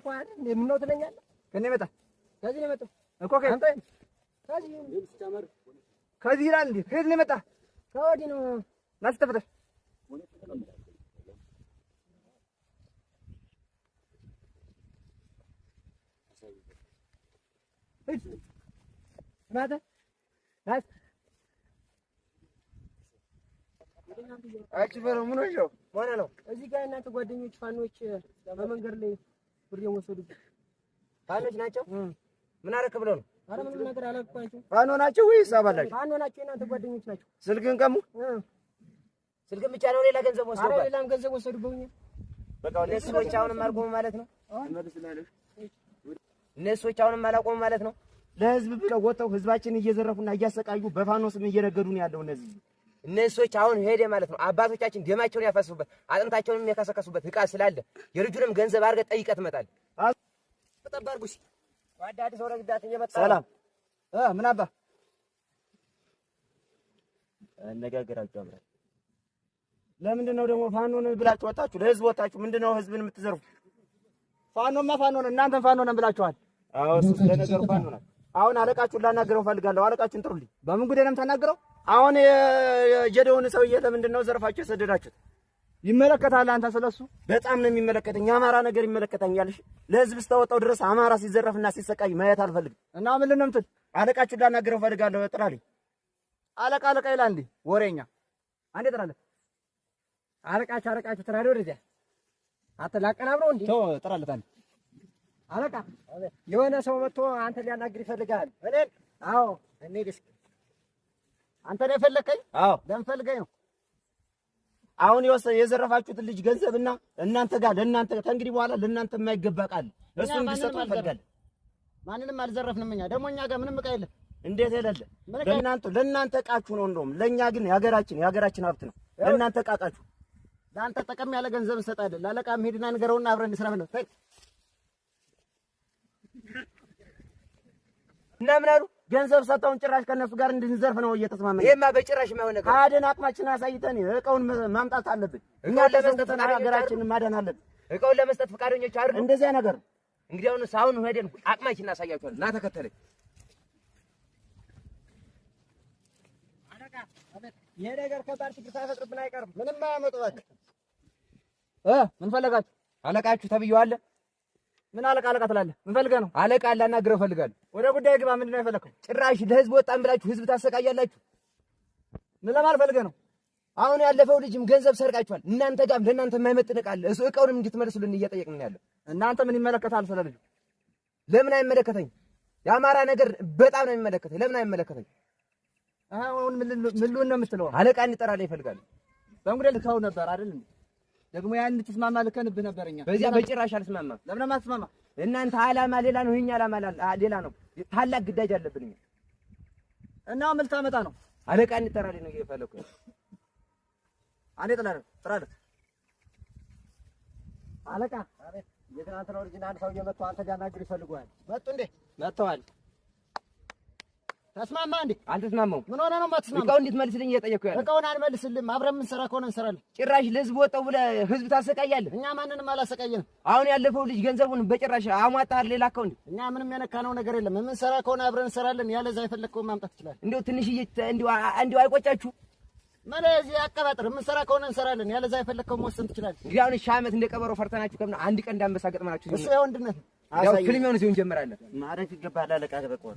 አልኩህ አይደል? ምነው ትለኛለህ? ከእኔ መጣ ከዚህ ነው የመጣው እኮ አንተ ከዚህ ይላል እንዴ? ከየት ነው የመጣህ? ከወዲህ ነው ናስተፈተሽ ምን ሆነ ነው እዚህ ጋር እናንተ ጓደኞች ፋኖች በመንገድ ላይ ብሬን ወሰዱብኝ። ፋኖች ናቸው። ምን አደረክ ብለው ነው? ኧረ ምንም ነገር አላልኳቸውም። ፋኖ ናቸው ወይስ አባላቸው? ፋኖ ናቸው፣ የእናንተ ጓደኞች ናቸው። ስልክን ቀሙ። ስልክን ብቻ ነው ሌላ ገንዘብ ወሰዱብኝ። ኧረ ሌላም ገንዘብ ወሰዱብኝ። በቃ እነሱ ሰዎች አሁንም አልቆሙ ማለት ነው። እነሱ ሰዎች አሁንም አላቆሙ ማለት ነው። ለህዝብ ብለው ወጥተው ህዝባችንን እየዘረፉና እያሰቃዩ በፋኖ ስም እየነገዱ ነው ያለው እነዚህ እነዚህ ሰዎች አሁን ሄደ ማለት ነው። አባቶቻችን ደማቸውን ያፈሱበት አጥንታቸውንም የከሰከሱበት እቃ ስላለ የልጁንም ገንዘብ አድርገህ ጠይቀህ ትመጣለህ። ተጠባርጉሽ ዋዳዲ ሰው ረግዳት እየመጣ ሰላም ምን አባ አነጋገራችሁ አምራ ለምንድን ነው ደግሞ ፋኖን ብላችሁ ወጣችሁ? ለህዝብ ወጣችሁ። ምንድን ነው ህዝብን የምትዘርፉ? ፋኖማ ፋኖ ነው። እናንተም ፋኖ ነን ብላችኋል። አዎ እሱ ለነገሩ ፋኖ ነው። አሁን አለቃችሁን ላናገረው ፈልጋለሁ። አለቃችሁን ጥሩልኝ። በምን ጉዳይ ነው የምታናገረው? አሁን የጀደውን ሰውዬ ለምንድን ነው ዘርፋችሁ የሰደዳችሁት? ይመለከታል አንተ ስለሱ? በጣም ነው የሚመለከተኝ። የአማራ ነገር ይመለከተኛል። እሺ ለህዝብ እስከወጣሁ ድረስ አማራ ሲዘረፍና ሲሰቃይ ማየት አልፈልግም። እና ምን ልንምትል? አለቃችሁን ላናገረው ፈልጋለሁ። ጥራልኝ። አለቃ አለቃ ይላል እንዴ? ወሬኛ አንዴ ጥራለህ። አለቃችሁ አለቃችሁ ትራለህ። ወደዚያ ብሮ እንዴ? ተው ጥራለህ። አለቃ የሆነ ሰው መጥቶ አንተ ሊያናግር ይፈልጋል። እኔ አዎ እኔ ደስክ አንተ ነው የፈለከኝ? አዎ። ለምን ፈልገኝ ነው? አሁን የዘረፋችሁትን ልጅ ገንዘብና እናንተ ጋር ለእናንተ ከእንግዲህ በኋላ ለእናንተ የማይገባ ቃል እሱ እንዲሰጡ ይፈልጋል። ማንንም አልዘረፍንም። እኛ ደግሞ እኛ ጋር ምንም ዕቃ የለም። እንዴት የሌለ ለእናንተ ለእናንተ ዕቃችሁ ነው። እንደውም ለእኛ ግን የሀገራችን የሀገራችን ሀብት ነው። ለእናንተ ዕቃ ዕቃችሁ ለአንተ ጠቀም ያለ ገንዘብ እንሰጣለን። ለአለቃ ሄድና ንገረውና አብረን እንስራ ብለው እና ምን አሉ ገንዘብ ሰጠውን ጭራሽ ከነሱ ጋር እንድንዘርፍ ነው እየተስማማ። ይሄማ በጭራሽ የማይሆን ነገር። አደን አቅማችንን አሳይተን እቃውን ማምጣት አለብን። እኛ ለመስጠት ሀገራችንን ማደን አለብን። እቃውን ለመስጠት ፈቃደኞች አይደሉም። እንደዚያ ነገር እንግዲህ አሁን ሳሁን ሄደን አቅማችን እናሳያቸዋለን። እና ተከተለኝ። ይሄ ነገር ከባድ ችግር ሳይፈጥርብን አይቀርም። ምንም አያመጡ። ምን ፈለጋችሁ? አለቃችሁ ተብዬዋለሁ ምን አለቃ አለቃ ትላለህ? ምን ፈልገህ ነው? አለቃ ላናግረህ እፈልጋለሁ። ወደ ጉዳይ ግባ። ምንድን ነው የፈለከው? ጭራሽ ለህዝብ ወጣን ብላችሁ ህዝብ ታሰቃያላችሁ። ምን ለማለት ፈልገህ ነው? አሁን ያለፈው ልጅም ገንዘብ ሰርቃችኋል። እናንተ ጋር ለእናንተ የማይመጥን ዕቃ አለ። እሱ ዕቃውንም እንድትመልሱልን እየጠየቅን ነው ያለው። እናንተ ምን ይመለከታል? ስለ ልጁ ለምን አይመለከተኝ? የአማራ ነገር በጣም ነው የሚመለከተኝ። ለምን አይመለከተኝ? አሁን ምን ምን ነው የምትለው? አለቃ እንጠራለህ ይፈልጋል። በእንግዲህ ልካው ነበር አይደል? እንዴ? ደግሞ ያን ልትስማማ ልከንብህ ነበር። በዚያ በጭራሽ አልስማማ። ለምን አትስማማ? እናንተ አላማ ሌላ ነው፣ ይሄኛ አላማ ሌላ ነው። ታላቅ ግዳጅ አለብን እኛ እና መልታ መጣ ነው። አለቃ እንጠራልኝ ነው እየፈለኩ አንዴ ጥላ ጥራለት አለቃ የትናንትና ኦሪጂናል ሰውዬ መጥቶ አንተ ሊያናግር ይፈልገዋል። መጡ እንዴ? መጥተዋል። ተስማማ እንዴ? አልተስማማሁም። ምን ሆነ ነው የማትስማማው? እቃውን እንዴት መልስልኝ እየጠየኩህ ያለ። እቃውን አንመልስልም። አብረን የምንሰራ ከሆነ እንሰራለን። ጭራሽ ለህዝብ ወጣው ብለህ ህዝብ ታሰቃያለህ። እኛ ማንንም አላሰቃየንም። አሁን ያለፈው ልጅ ገንዘቡን በጭራሽ አሟጣህ ሌላ እኮ እንዴ። እኛ ምንም የነካነው ነገር የለም። የምንሰራ ከሆነ አብረን እንሰራለን። ያለዛ የፈለግከውን ማምጣት ትችላለህ። እንደው ትንሽዬ እንዲሁ አይቆጫችሁ ማለት እዚህ አቀባጥር የምንሰራ ከሆነ እንሰራለን። ያለዛ የፈለግከውን መወሰን ትችላለህ። እንግዲህ አሁን ሺህ ዓመት እንደ ፈርተናችሁ ከምን አንድ ቀን እንዳንበሳ ገጥመናችሁ እሱ ያው እንድነት ያው ፊልም የሆነ ሲሆን እንጀምራለን። ማረግ ይገባሃል አለቃ ተበቀዋል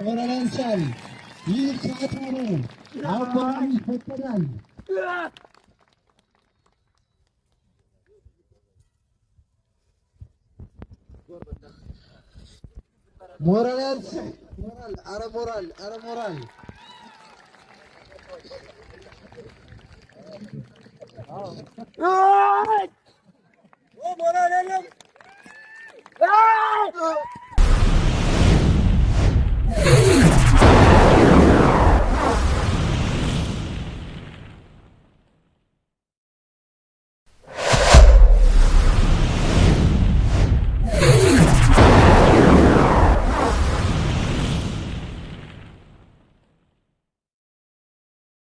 reverencial y sacro agua y petróleo. Moral Ersin. Moral, ara moral, ara moral. Aaaaaa! O moral elim! Aaaaaa!